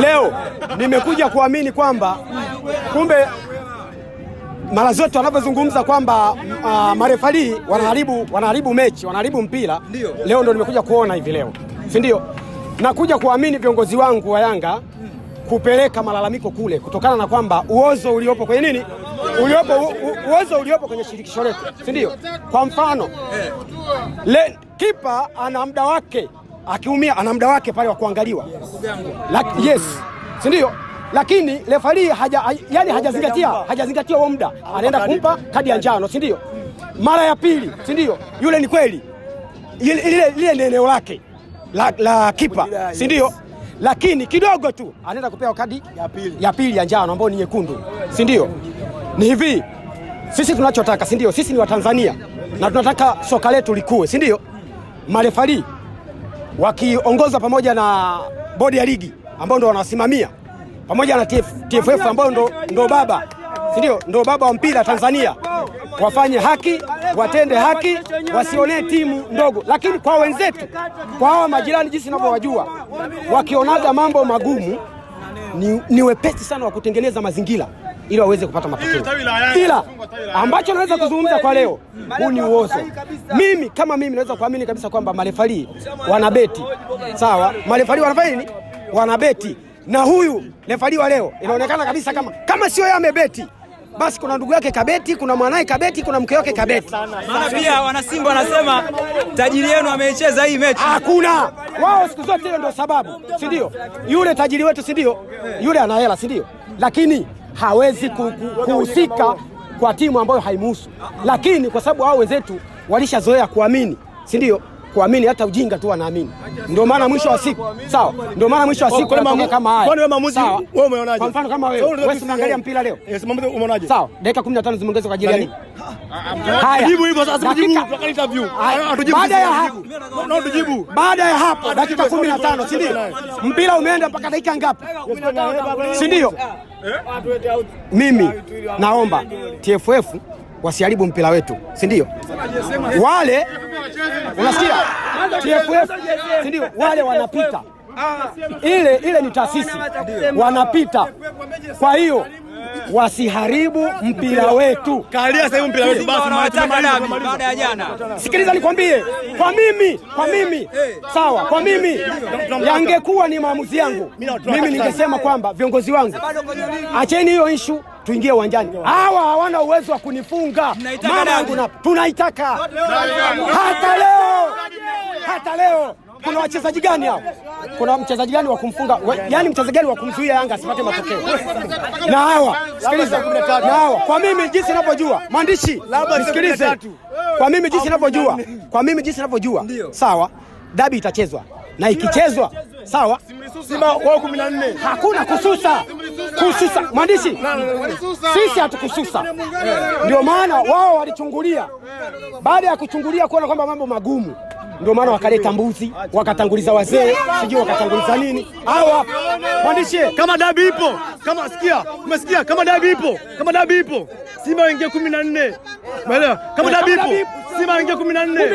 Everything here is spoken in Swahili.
Leo nimekuja kuamini kwamba kumbe mara zote wanavyozungumza kwamba uh, marefali wanaharibu, wanaharibu mechi wanaharibu mpira. Leo ndo nimekuja kuona hivi leo, si ndio? Nakuja kuamini viongozi wangu wa Yanga kupeleka malalamiko kule kutokana na kwamba uozo uliopo kwenye nini uliopo, u, u, uozo uliopo kwenye shirikisho letu, si ndio? Kwa mfano eh. le, kipa ana muda wake akiumia ana muda wake pale wa kuangaliwa yes, yes. si ndio? Lakini refari haja, yani hajazingatia hajazingatia huo muda, anaenda kumpa kadi ya njano, si ndio? Mara ya pili, si ndio? Yule ni kweli, lile ni eneo lake la, la kipa, si ndio? Lakini kidogo tu anaenda kupewa kadi ya pili ya njano ambayo ni nyekundu, si ndio? Ni hivi sisi tunachotaka, si ndio? Sisi ni Watanzania na tunataka soka letu likuwe, si ndio? Marefari wakiongoza pamoja na bodi ya ligi ambao ndo wanawasimamia pamoja na TF, TFF ambao ndo, ndo baba si ndio, ndo baba wa mpira Tanzania, wafanye haki, watende haki, wasionee timu ndogo. Lakini kwa wenzetu, kwa hawa majirani, jinsi ninavyowajua, wakionaga mambo magumu ni, ni wepesi sana wa kutengeneza mazingira ili waweze kupata matokeo, ila ambacho naweza kuzungumza kwa leo huu ni uozo. Mimi kama mimi naweza kuamini kabisa kwamba wana wanabeti sawa, marefari wanafanya nini? Wanabeti na huyu refari wa leo inaonekana kabisa kama kama sio yeye amebeti basi kuna ndugu yake kabeti, kuna mwanaye kabeti, kuna mke wake kabeti. Maana pia wanasimba wanasema tajiri yenu ameicheza hii mechi. Hakuna wao, siku zote hiyo ndio sababu, si ndio? Yule tajiri wetu, si ndio? Yule ana hela, si ndio? Lakini hawezi kuhusika kwa timu ambayo haimuhusu, lakini kwa sababu hao wenzetu walishazoea kuamini, si ndio? Kuamini hata ujinga tu wanaamini, ndio maana mwisho wa siku sawa, ndio maana mwisho wa siku kama haya. nini wewe maamuzi wewe umeonaje? Kwa mfano kama wewe wewe unaangalia eh, mpira leo, yes, eh, umeonaje? Sawa, dakika 15 zimeongezwa kwa ajili ya yaani, nini? Baada ya hapo dakika kumi na tano, si ndio? Mpira umeenda mpaka dakika ngapi, si ndio? Mimi naomba TFF wasiharibu mpira wetu, si ndio? Wale unasikia TFF, si ndio? Wale wanapita ile ile, ni taasisi wanapita, kwa hiyo wasiharibu mpira wetu. Kalia sasa hivi mpira wetu basi, baada ya jana. Sikiliza nikwambie, kwa mimi, kwa eh. mimi eh. sawa, kwa mimi eh. yangekuwa ni maamuzi yangu, mimi ningesema kwamba viongozi wangu, acheni hiyo ishu tuingie uwanjani. Hawa hawana uwezo wa kunifunga mama yangu, na tunaitaka hata leo, hata leo kuna wachezaji gani hao? Kuna mchezaji gani wa kumfunga, yani mchezaji gani wa kumzuia Yanga asipate matokeo? Na hawa sikiliza, na hawa kwa mimi jinsi ninavyojua maandishi, sikilize, kwa mimi jinsi ninavyojua, kwa mimi jinsi ninavyojua, sawa, dabi itachezwa na ikichezwa sawa, Simba wao 14 Hakuna kususa kususa, mwandishi, sisi hatukususa, ndio maana wao walichungulia. Baada ya kuchungulia kuona kwamba mambo magumu ndio maana wakaleta mbuzi, wakatanguliza wazee, sijui wakatanguliza nini. Hawa mwandishi, kama dabi ipo, kama sikia, umesikia? Kama dabi ipo, kama dabi ipo, Simba waingie kumi na nne, umeelewa? Kama dabi ipo, Simba waingie kumi na nne.